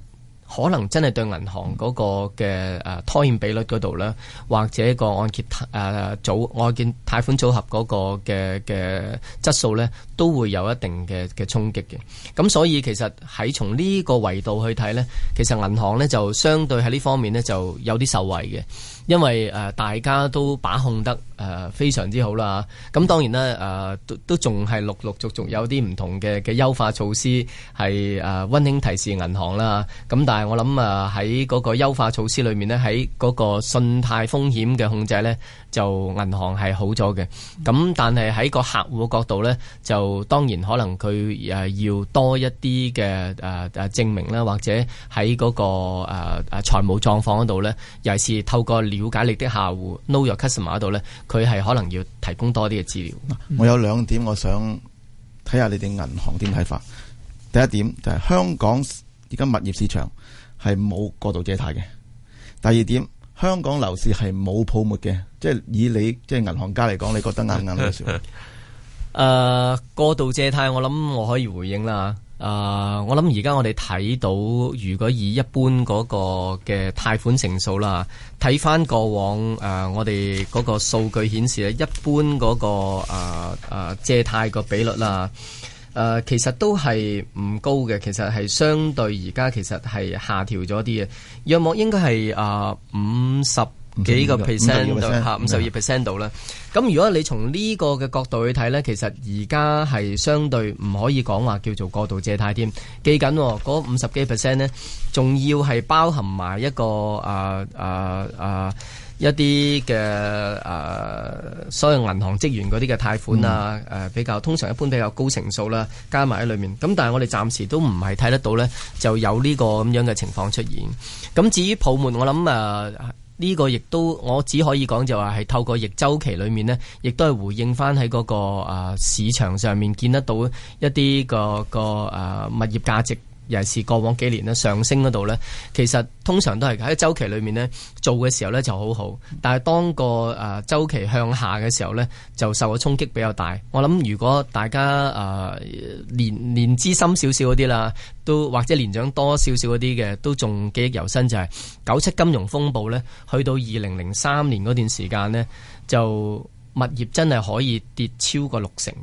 可能真係對銀行嗰個嘅誒拖欠比率嗰度咧，或者個按揭誒組，按揭貸款組合嗰個嘅嘅質素咧，都會有一定嘅嘅衝擊嘅。咁所以其實喺從呢個維度去睇咧，其實銀行咧就相對喺呢方面咧就有啲受惠嘅。因為誒大家都把控得誒非常之好啦，咁當然啦誒都都仲係陸陸續續有啲唔同嘅嘅優化措施係誒溫馨提示銀行啦，咁但係我諗啊喺嗰個優化措施裏面咧，喺嗰個信貸風險嘅控制咧，就銀行係好咗嘅，咁但係喺個客戶角度咧，就當然可能佢誒要多一啲嘅誒誒證明啦，或者喺嗰個誒誒財務狀況嗰度咧，又是透過了解你的客戶 Know your customer 度咧，佢係可能要提供多啲嘅資料。嗯、我有兩點，我想睇下你哋銀行點睇法。第一點就係香港而家物業市場係冇過度借貸嘅。第二點，香港樓市係冇泡沫嘅，即係以你即係銀行家嚟講，你覺得啱唔啱呢？誒、 呃，過度借貸我諗我可以回應啦。誒、uh,，我諗而家我哋睇到，如果以一般嗰個嘅貸款成數啦，睇翻過往誒，uh, 我哋嗰個數據顯示咧，一般嗰、嗰個誒、uh, uh, 借貸個比率啦，誒、uh, 其實都係唔高嘅，其實係相對而家其實係下調咗啲嘅，約莫應該係誒五十。Uh, 幾個 percent 度吓，五十二 percent 度啦。咁如果你從呢個嘅角度去睇呢，其實而家係相對唔可以講話叫做過度借貸添。記緊嗰五十幾 percent 呢，仲要係包含埋一個啊啊啊一啲嘅啊所有銀行職員嗰啲嘅貸款啊，誒、嗯、比較通常一般比較高成數啦，加埋喺裏面。咁但係我哋暫時都唔係睇得到呢，就有呢個咁樣嘅情況出現。咁至於泡沫，我諗誒。啊呢、這個亦都我只可以講，就話係透過逆周期裏面咧，亦都係回應翻喺嗰個啊市場上面見得到一啲個個啊物業價值。尤其是過往幾年咧，上升嗰度呢，其實通常都係喺週期裏面呢做嘅時候呢就好好，但係當個誒週期向下嘅時候呢，就受咗衝擊比較大。我諗如果大家誒、呃、年年資深少少嗰啲啦，都或者年長多少少嗰啲嘅，都仲記憶猶新，就係九七金融風暴呢，去到二零零三年嗰段時間呢，就物業真係可以跌超過六成。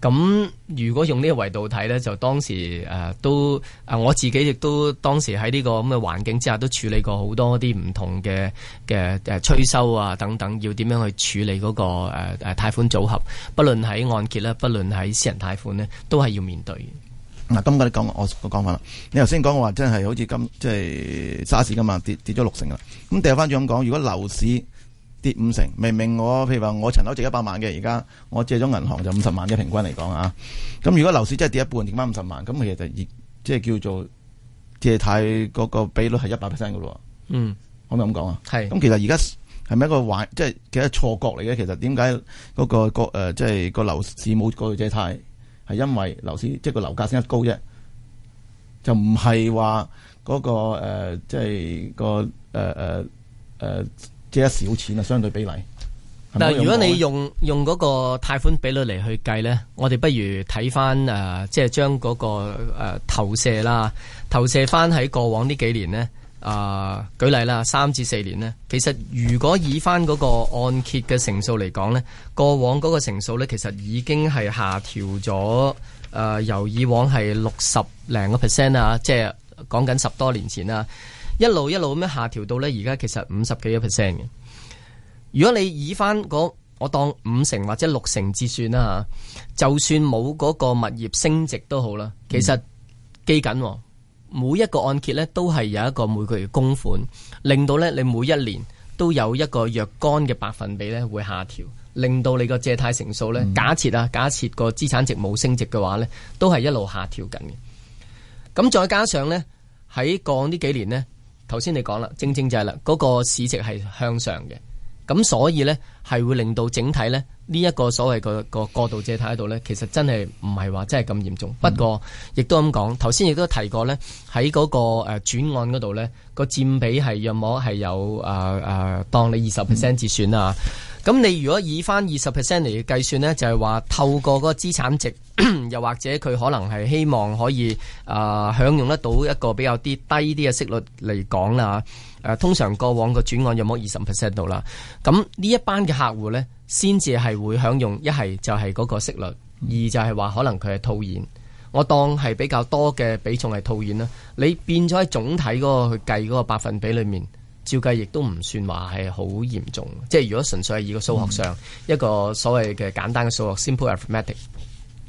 咁如果用呢個維度睇咧，就當時誒、啊、都啊我自己亦都當時喺呢個咁嘅環境之下，都處理過好多啲唔同嘅嘅、啊、催收啊等等，要點樣去處理嗰、嗰個誒誒貸款組合，不論喺按揭咧，不論喺私人貸款咧，都係要面對嘅嗱、啊，今個你講我講翻啦，你頭先講話真係好似今即係沙士噶嘛，跌跌咗六成啦。咁掉翻轉講，如果樓市跌五成，明明我譬如話我層樓值一百萬嘅，而家我借咗銀行就五十萬嘅平均嚟講啊，咁如果樓市真係跌一半，剩翻五十萬，咁其實就即係叫做借貸嗰個比率係一百 percent 嘅咯。嗯，可唔可以咁講啊？係。咁其實而家係咪一個壞，即係其實錯覺嚟嘅？其實點解嗰個、呃即係、個誒，即係個樓市冇嗰度借貸，係因為樓市即係個樓價升得高啫，就唔係話嗰個誒，即係、嗰個誒誒誒。呃即係嗰個呃呃呃即係一小錢啊，相對比例。但係，如果你用用嗰個貸款比率嚟去計呢，我哋不如睇翻誒，即、呃、係、就是、將嗰、嗰個投射啦，投射翻喺過往呢幾年呢。誒、呃，舉例啦，三至四年呢。其實如果以翻嗰個按揭嘅成數嚟講呢，過往嗰個成數呢，其實已經係下調咗誒、呃，由以往係六十零個 percent 啊，即係講緊十多年前啊。一路一路咁樣下調到呢，而家其實五十幾一 percent 嘅。如果你以翻嗰我當五成或者六成至算啦吓，就算冇嗰個物業升值都好啦，其實基緊每一個按揭呢，都係有一個每個月供款，令到呢，你每一年都有一個若干嘅百分比呢會下調，令到你個借貸成數呢。假設啊，假設個資產值冇升值嘅話呢，都係一路下調緊嘅。咁再加上呢，喺過往呢幾年呢。頭先你講啦，正正就係啦，嗰、那個市值係向上嘅，咁所以呢係會令到整體呢呢一、這個所謂的個個過度借貸喺度咧，其實真係唔係話真係咁嚴重。嗯、不過亦都咁講，頭先亦都提過呢喺嗰個誒轉按嗰度呢個佔比係若果係有誒誒、啊啊，當你二十 percent 折算啊。嗯咁你如果以翻二十 percent 嚟計算呢，就係話透過個資產值， 又或者佢可能係希望可以啊、呃、享用得到一個比較啲低啲嘅息率嚟講啦誒，通常過往個轉按有冇二十 percent 度啦？咁呢一班嘅客戶呢，先至係會享用一係就係嗰個息率，二就係話可能佢係套現。我當係比較多嘅比重係套現啦。你變咗喺總體嗰個去計嗰個百分比裏面。照計亦都唔算話係好嚴重，即係如果純粹係以個數學上一個所謂嘅簡單嘅數學、嗯、simple arithmetic。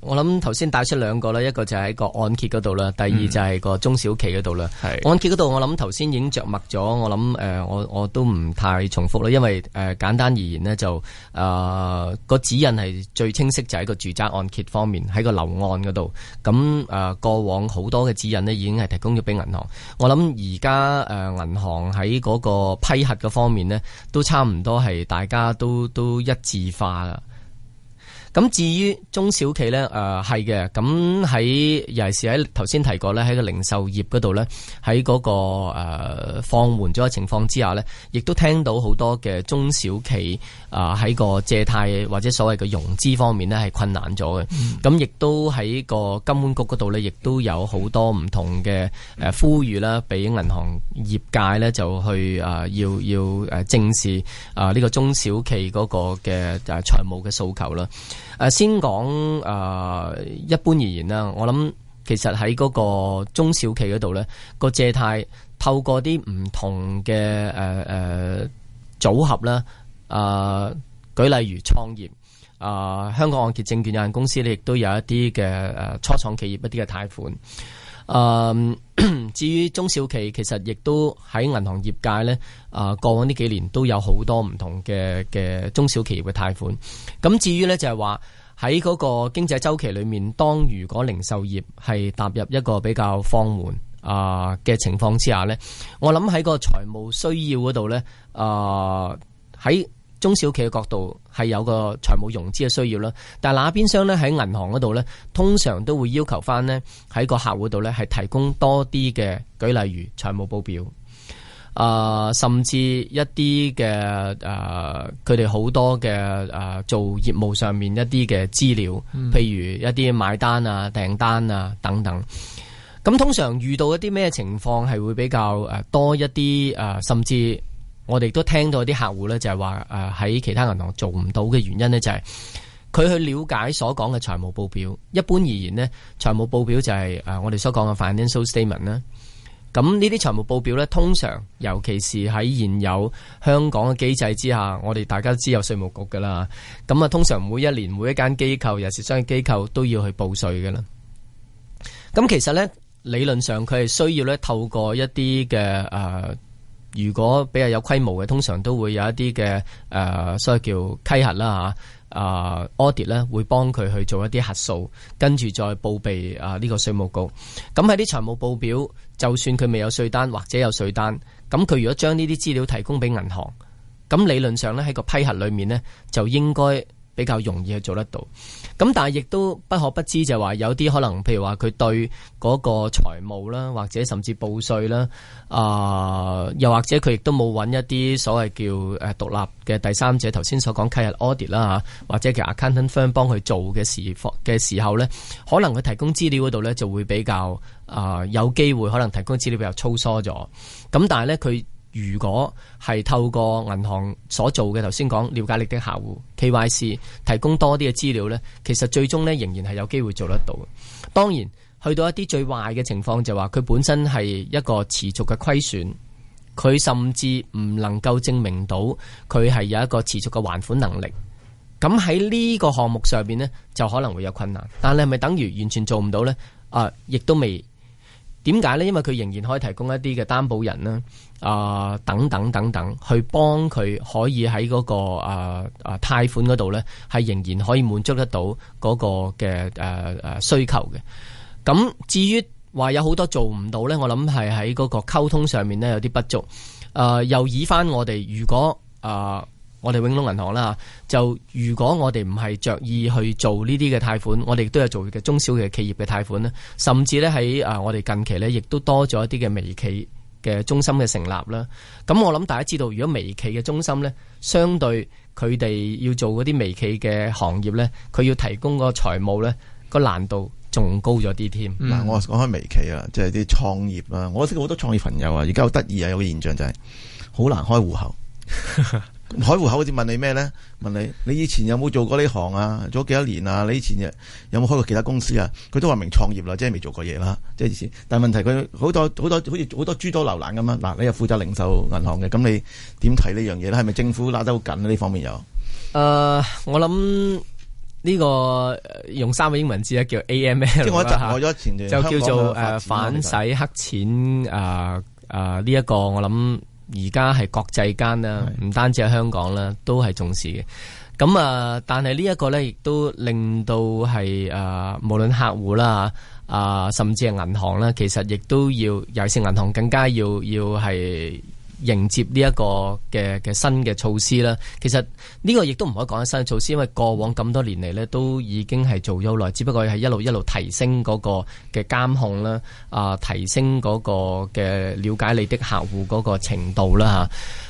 我諗頭先帶出兩個啦，一個就喺個按揭嗰度啦，第二就係個中小企嗰度啦。係、嗯、按揭嗰度，我諗頭先已經着墨咗，我諗誒，我我都唔太重複啦，因為誒、呃、簡單而言呢，就誒、呃嗰個指引係最清晰，就喺個住宅按揭方面，喺個樓案嗰度。咁誒、呃、過往好多嘅指引呢，已經係提供咗俾銀行。我諗而家誒銀行喺嗰個批核嗰方面呢，都差唔多係大家都都一致化啦。咁至於中小企呢，誒係嘅。咁喺尤其是喺頭先提過呢，喺個零售業嗰度呢，喺嗰個、呃、放緩咗嘅情況之下呢，亦都聽到好多嘅中小企啊，喺、呃、個借貸或者所謂嘅融資方面呢係困難咗嘅。咁、嗯、亦都喺個金管局嗰度呢亦都有好多唔同嘅誒呼籲啦，俾銀行業界呢，就去啊、呃、要要正視啊呢、呃這個中小企嗰個嘅誒財務嘅訴求啦。誒，先講誒，一般而言啦，我諗其實喺嗰個中小企嗰度呢個借貸透過啲唔同嘅誒誒組合啦，誒，舉例如創業，誒，香港按揭證券有限公司呢亦都有一啲嘅誒初創企業一啲嘅貸款。誒、嗯，至於中小企，其實亦都喺銀行業界呢，誒過往呢幾年都有好多唔同嘅嘅中小企業嘅貸款。咁至於呢，就係話喺嗰個經濟周期裏面，當如果零售業係踏入一個比較放緩啊嘅情況之下呢，我諗喺個財務需要嗰度呢。喺、呃。中小企嘅角度係有個財務融資嘅需要啦，但係那邊商咧喺銀行嗰度咧，通常都會要求翻呢喺個客戶度咧係提供多啲嘅，舉例如財務報表，啊、呃，甚至一啲嘅啊，佢哋好多嘅啊、呃，做業務上面一啲嘅資料，嗯、譬如一啲買單啊、訂單啊等等。咁通常遇到一啲咩情況係會比較誒多一啲誒、呃，甚至。我哋都聽到啲客戶咧，就係話誒喺其他銀行做唔到嘅原因呢，就係佢去了解所講嘅財務報表。一般而言呢，財務報表就係誒我哋所講嘅 financial statement 啦。咁呢啲財務報表呢，通常尤其是喺現有香港嘅機制之下，我哋大家都知有稅務局噶啦。咁啊，通常每一年每一間機構，尤其是商業機構都要去報稅噶啦。咁其實呢，理論上佢係需要呢透過一啲嘅誒。呃如果比較有規模嘅，通常都會有一啲嘅誒，所謂叫稽核啦嚇，啊、呃，audit 咧會幫佢去做一啲核數，跟住再報備啊呢個稅務局。咁喺啲財務報表，就算佢未有稅單或者有稅單，咁佢如果將呢啲資料提供俾銀行，咁理論上咧喺個批核裏面呢，就應該，比較容易去做得到，咁但係亦都不可不知就，就係話有啲可能，譬如話佢對嗰個財務啦，或者甚至報稅啦，啊、呃，又或者佢亦都冇揾一啲所謂叫獨立嘅第三者，頭先所講啟日 Audit 啦，或者嘅 Accountant firm 幫佢做嘅時嘅時候咧，可能佢提供資料嗰度咧就會比較啊、呃、有機會，可能提供資料比較粗疏咗。咁但係咧佢。如果係透過銀行所做嘅，頭先講了解你的客戶，KYC，提供多啲嘅資料呢，其實最終呢仍然係有機會做得到。當然，去到一啲最壞嘅情況就話，佢本身係一個持續嘅虧損，佢甚至唔能夠證明到佢係有一個持續嘅還款能力。咁喺呢個項目上面呢，就可能會有困難。但係咪等於完全做唔到呢？啊，亦都未點解呢？因為佢仍然可以提供一啲嘅擔保人啦。啊，等等等等，去幫佢可以喺嗰、那個啊啊貸款嗰度呢，係仍然可以滿足得到嗰個嘅誒誒需求嘅。咁至於話有好多做唔到呢，我諗係喺嗰個溝通上面呢，有啲不足。誒、啊，又以翻我哋如果誒、啊、我哋永隆銀行啦，就如果我哋唔係着意去做呢啲嘅貸款，我哋亦都有做嘅中小嘅企業嘅貸款呢，甚至呢，喺啊我哋近期呢，亦都多咗一啲嘅微企。嘅中心嘅成立啦，咁我諗大家知道，如果微企嘅中心咧，相對佢哋要做嗰啲微企嘅行業咧，佢要提供個財務咧，個難度仲高咗啲添。嗱、嗯，我講開微企啊，即係啲創業啊，我都識好多創業朋友啊，而家好得意啊，有個現象就係、是、好難開戶口。 海戶口好似問你咩咧？問你你以前有冇做過呢行啊？做咗幾多年啊？你以前又有冇開過其他公司啊？佢都話明創業啦，即係未做過嘢，啦，即係以前。但係問題，佢好多好多，好似好多諸多留難，咁啊！嗱，你又負責零售銀行嘅，咁你點睇呢樣嘢咧？係咪政府拉得好緊呢方面又，誒、呃，我諗呢、這個用三個英文字咧叫 AML，即係我 就改咗前就叫做誒、呃、反洗黑錢啊啊！呢、呃呃、一個我諗。而家係國際間啦，唔單止喺香港啦，都係重視嘅。咁啊，但係呢一個咧，亦都令到係啊、呃，無論客戶啦啊、呃，甚至係銀行啦，其實亦都要，尤其是銀行更加要要係，迎接呢一個嘅嘅新嘅措施啦，其實呢個亦都唔可以講係新嘅措施，因為過往咁多年嚟咧都已經係做咗好耐，只不過係一路一路提升嗰個嘅監控啦，啊、呃，提升嗰個嘅了解你的客戶嗰個程度啦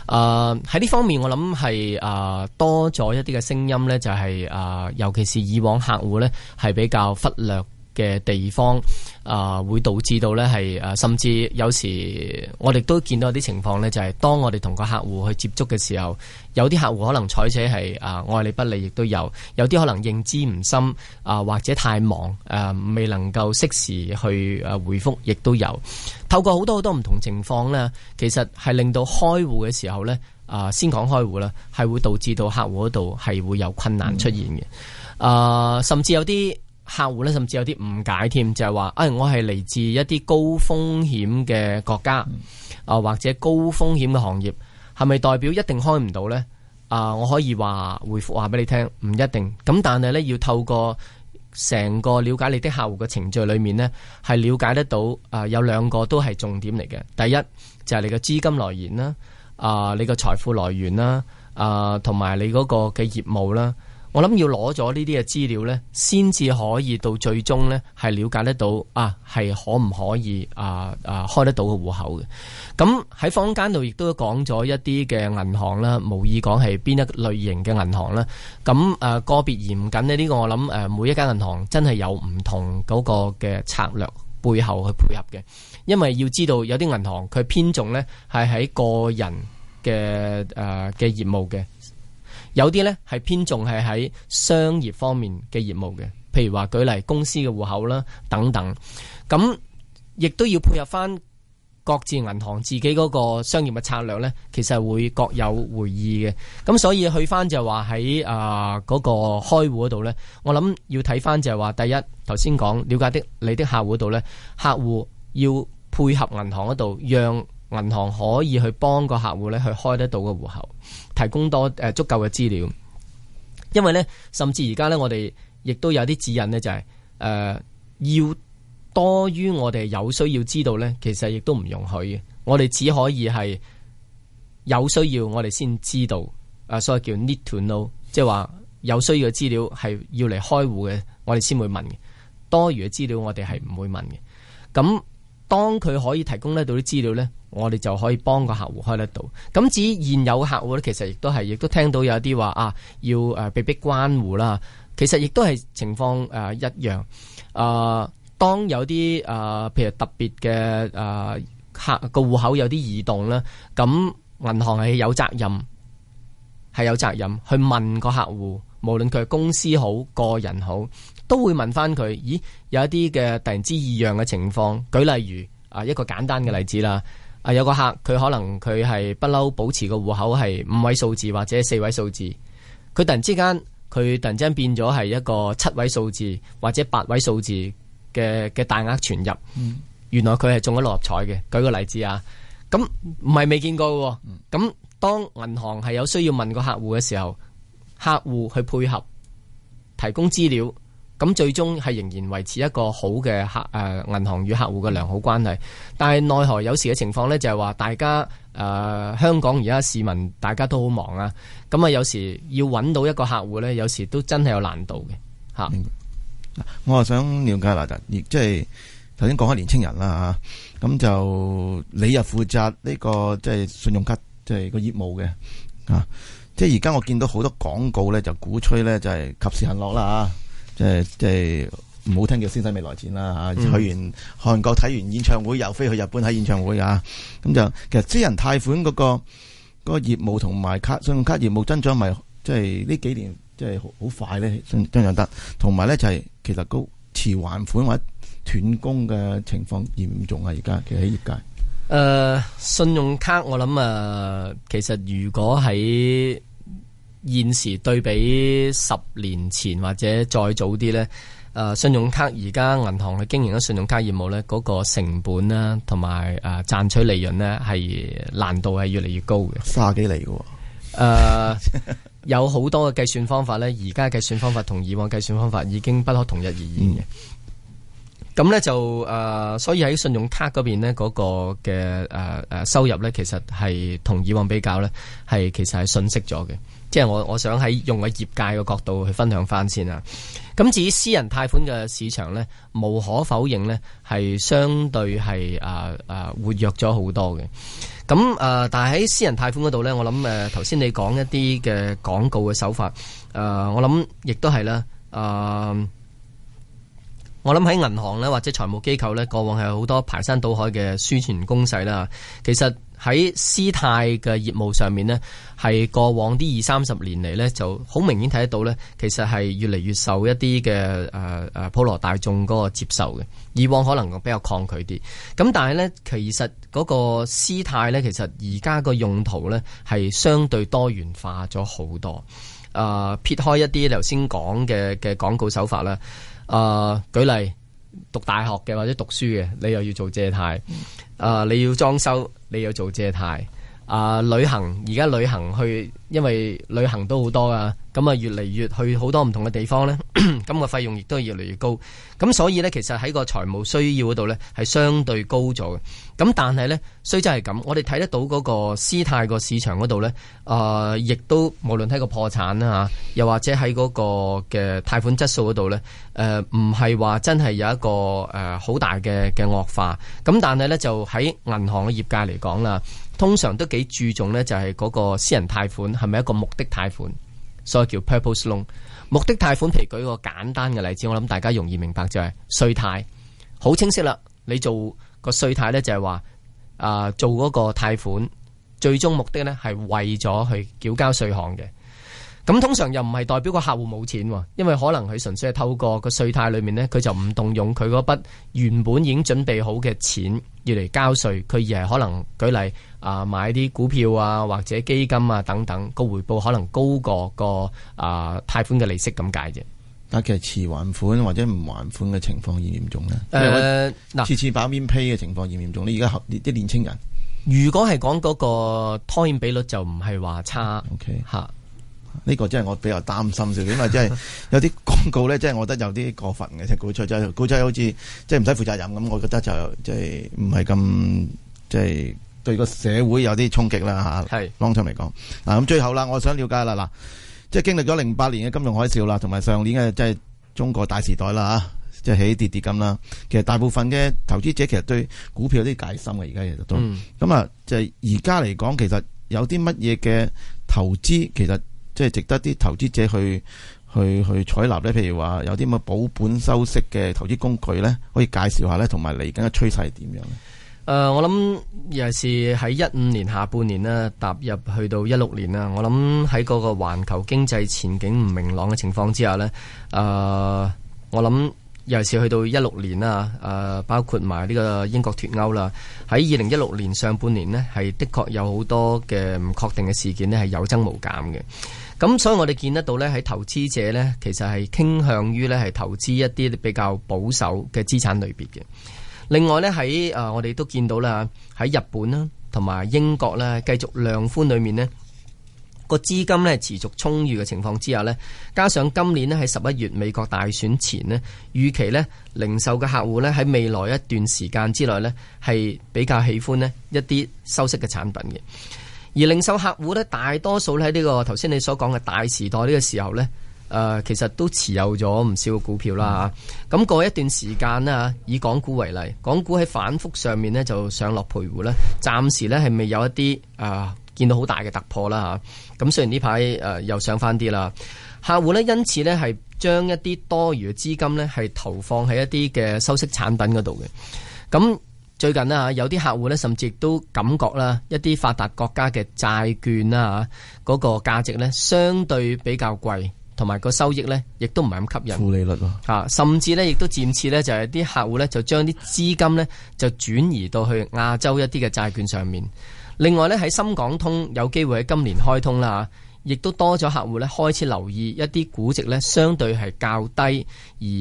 吓，啊、呃，喺呢方面我諗係啊多咗一啲嘅聲音咧、就是，就係啊，尤其是以往客戶咧係比較忽略嘅地方啊、呃，會導致到咧係誒，甚至有時我哋都見到啲情況咧，就係當我哋同個客戶去接觸嘅時候，有啲客戶可能採取係啊、呃，愛理不理，亦都有；有啲可能認知唔深啊、呃，或者太忙誒、呃，未能夠適時去誒回覆，亦都有。透過好多好多唔同情況咧，其實係令到開戶嘅時候咧啊、呃，先講開戶啦，係會導致到客戶嗰度係會有困難出現嘅啊、呃，甚至有啲。客戶咧，甚至有啲誤解添，就係、是、話，誒、哎，我係嚟自一啲高風險嘅國家，啊、呃，或者高風險嘅行業，係咪代表一定開唔到呢？啊、呃，我可以話回覆話俾你聽，唔一定。咁但係咧，要透過成個了解你的客戶嘅程序裏面咧，係了解得到，啊、呃，有兩個都係重點嚟嘅。第一就係、是、你嘅資金來源啦，啊、呃，你嘅財富來源啦，啊、呃，同埋你嗰個嘅業務啦。我諗要攞咗呢啲嘅資料呢，先至可以到最終呢，係了解得到啊，係可唔可以啊啊開得到個戶口嘅？咁喺坊間度亦都講咗一啲嘅銀行啦，無意講係邊一類型嘅銀行啦。咁誒，個別嚴謹呢，呢個我諗誒每一間銀行真係有唔同嗰個嘅策略背後去配合嘅，因為要知道有啲銀行佢偏重呢，係喺個人嘅誒嘅業務嘅。有啲咧係偏重係喺商業方面嘅業務嘅，譬如話舉例公司嘅戶口啦等等，咁亦都要配合翻各自銀行自己嗰個商業嘅策略呢，其實會各有回憶嘅。咁所以去翻就係話喺啊嗰個開戶嗰度呢，我諗要睇翻就係話第一頭先講了解的你的客戶度呢，客戶要配合銀行嗰度讓。銀行可以去幫個客戶咧去開得到個戶口，提供多誒、呃、足夠嘅資料。因為咧，甚至而家咧，我哋亦都有啲指引咧、就是，就係誒要多於我哋有需要知道咧，其實亦都唔容許嘅。我哋只可以係有需要，我哋先知道。啊，所謂叫 need to know，即係話有需要嘅資料係要嚟開戶嘅，我哋先會問嘅。多餘嘅資料，我哋係唔會問嘅。咁。當佢可以提供得到啲資料呢，我哋就可以幫個客戶開得到。咁至於現有客戶呢，其實亦都係，亦都聽到有啲話啊，要誒被逼關戶啦。其實亦都係情況誒一樣。誒、啊，當有啲誒、啊，譬如特別嘅誒客個戶口有啲移動啦，咁、啊、銀行係有責任，係有責任去問個客戶，無論佢係公司好，個人好。都會問翻佢，咦？有一啲嘅突然之異樣嘅情況，舉例如啊，一個簡單嘅例子啦。啊，有個客佢可能佢係不嬲保持個戶口係五位數字或者四位數字，佢突然之間佢突然之間變咗係一個七位數字或者八位數字嘅嘅大額存入。嗯，原來佢係中咗六合彩嘅。舉個例子啊，咁唔係未見過嘅。咁當銀行係有需要問個客戶嘅時候，客戶去配合提供資料。咁最終係仍然維持一個好嘅客誒，銀行與客戶嘅良好關係。但係奈何有時嘅情況呢，就係話大家誒、呃，香港而家市民大家都好忙啊，咁啊有時要搵到一個客戶呢，有時都真係有難度嘅吓、啊。我啊想了解啦即係頭先講開年青人啦吓，咁就你又負責呢個即係信用卡即係、就是、個業務嘅即係而家我見到好多廣告呢，就鼓吹呢就係及時行樂啦呃、即係即係唔好聽叫先使未來錢啦、啊嗯、去完韓國睇完演唱會，又飛去日本睇演唱會啊！咁就其實私人貸款嗰、那個嗰、那個業務同埋卡信用卡業務增長、就是，咪即係呢幾年即係好快咧，增長得。同埋咧就係、是、其實個遲還款或者斷供嘅情況嚴重啊！而家其實喺業界，誒、呃、信用卡我諗啊、呃，其實如果喺現時對比十年前或者再早啲咧，誒，信用卡而家銀行去經營啲信用卡業務咧，嗰、那個成本咧，同埋誒賺取利潤咧，係難度係越嚟越高嘅。卅幾厘喎、呃，誒， 有好多嘅計算方法咧，而家計算方法同以往計算方法已經不可同日而語嘅。咁、嗯、呢就誒、呃，所以喺信用卡嗰邊呢，嗰個嘅誒誒收入呢，其實係同以往比較呢係其實係損失咗嘅。即係我我想喺用喺業界嘅角度去分享翻先啊。咁至於私人貸款嘅市場呢，無可否認呢係相對係啊啊活躍咗好多嘅。咁、呃、但係喺私人貸款嗰度呢，我諗誒頭先你講一啲嘅廣告嘅手法，我諗亦都係啦。我諗喺、呃、銀行呢，或者財務機構呢，過往係好多排山倒海嘅宣傳攻勢啦。其實。喺私貸嘅業務上面呢，係過往啲二三十年嚟呢，就好明顯睇得到呢。其實係越嚟越受一啲嘅誒誒普羅大眾嗰個接受嘅。以往可能我比較抗拒啲，咁但係呢，其實嗰個私貸呢，其實而家個用途呢，係相對多元化咗好多。誒，撇開一啲頭先講嘅嘅廣告手法啦。誒，舉例讀大學嘅或者讀書嘅，你又要做借貸。誒，你要裝修。你有做借貸？啊、呃！旅行而家旅行去，因為旅行都好多啊咁啊越嚟越去好多唔同嘅地方呢，咁、 個費用亦都越嚟越高，咁所以呢，其實喺個財務需要嗰度呢，係相對高咗嘅。咁但係呢，雖則係咁，我哋睇得到嗰個私貸個市場嗰度呢，呃、啊，亦都無論喺個破產啦又或者喺嗰個嘅貸款質素嗰度呢，誒、呃，唔係話真係有一個誒好大嘅嘅惡化。咁但係呢，就喺銀行嘅業界嚟講啦。通常都幾注重呢，就係嗰個私人貸款係咪一個目的貸款，所以叫 purpose loan。目的貸款，譬如舉個簡單嘅例子，我諗大家容易明白就係稅貸，好清晰啦。你做個稅貸呢，就係話啊做嗰個貸款，最終目的呢係為咗去繳交稅項嘅。咁通常又唔係代表個客戶冇錢，因為可能佢純粹係透過個稅貸裏面呢，佢就唔動用佢嗰筆原本已經準備好嘅錢要嚟交稅，佢而係可能舉例。啊！買啲股票啊，或者基金啊，等等個回報可能高過個啊貸款嘅利息咁解啫。但、啊、其實遲還款或者唔還款嘅情況嚴嚴重咧？誒，嗱，次次把面批嘅情況嚴嚴重呢？而家啲年青人如果係講嗰個拖欠比率就唔係話差。O K，吓呢個真係我比較擔心少少，因為真係有啲廣告咧，真 係我覺得有啲過分嘅。即係估仔就估仔、是，好似即係唔使負責任咁，我覺得就即係唔係咁即係。就是對個社會有啲衝擊啦吓，係，當場嚟講，嗱咁最後啦，我想了解啦，嗱，即係經歷咗零八年嘅金融海嘯啦，同埋上年嘅即係中國大時代啦吓，即係起跌跌咁啦。其實大部分嘅投資者其實對股票有啲解心戒心嘅，而家其實都，咁啊，就係而家嚟講，其實有啲乜嘢嘅投資，其實即係值得啲投資者去去去採納咧？譬如話有啲乜保本收息嘅投資工具咧，可以介紹下咧，同埋嚟緊嘅趨勢係點樣咧？誒、呃，我諗尤其是喺一五年下半年呢，踏入去到一六年啦。我諗喺嗰個環球經濟前景唔明朗嘅情況之下呢，誒、呃，我諗尤其是去到一六年啦。誒、呃，包括埋呢個英國脱歐啦。喺二零一六年上半年呢，係的確有好多嘅唔確定嘅事件呢係有增無減嘅。咁所以我哋見得到呢，喺投資者呢，其實係傾向於呢，係投資一啲比較保守嘅資產類別嘅。另外咧，喺我哋都見到啦，喺日本啦，同埋英國啦，繼續量寬裏面呢個資金咧，持續充裕嘅情況之下呢，加上今年呢喺十一月美國大選前呢，預期呢零售嘅客戶呢，喺未來一段時間之內呢，係比較喜歡呢一啲收息嘅產品嘅，而零售客戶呢，大多數呢，喺呢個頭先你所講嘅大時代呢個時候呢。誒，其實都持有咗唔少嘅股票啦。咁過一段時間啦，以港股為例，港股喺反覆上面呢就上落徘徊啦，暫時呢係未有一啲誒、呃、見到好大嘅突破啦。吓，咁雖然呢排誒又上翻啲啦，客戶呢因此呢係將一啲多餘嘅資金呢係投放喺一啲嘅收息產品嗰度嘅。咁最近咧有啲客戶呢甚至都感覺啦，一啲發達國家嘅債券啦嗰個價值呢相對比較貴。同埋個收益呢，亦都唔係咁吸引。負利率啊！甚至呢，亦都漸次呢，就係啲客戶呢，就將啲資金呢，就轉移到去亞洲一啲嘅債券上面。另外呢，喺深港通有機會喺今年開通啦，吓，亦都多咗客戶呢，開始留意一啲估值呢，相對係較低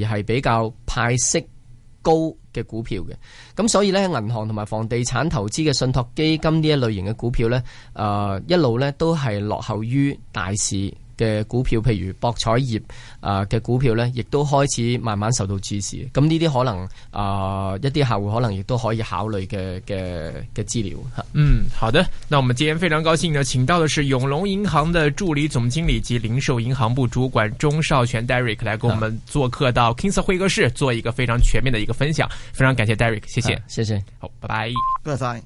而係比較派息高嘅股票嘅。咁所以呢，銀行同埋房地產投資嘅信託基金呢一類型嘅股票呢，誒，一路呢，都係落後於大市。嘅股票，譬如博彩業啊嘅股票呢，亦都開始慢慢受到注視。咁呢啲可能啊、呃，一啲客戶可能亦都可以考慮嘅嘅嘅資料。嗯，好的。那我們今天非常高興呢，請到的是永隆銀行的助理總經理及零售銀行部主管鍾少權 Derek 來跟我們做客到 King Sir 會客室，做一個非常全面的一個分享。非常感謝 Derek，謝謝，嗯、謝謝。好，拜拜，謝謝。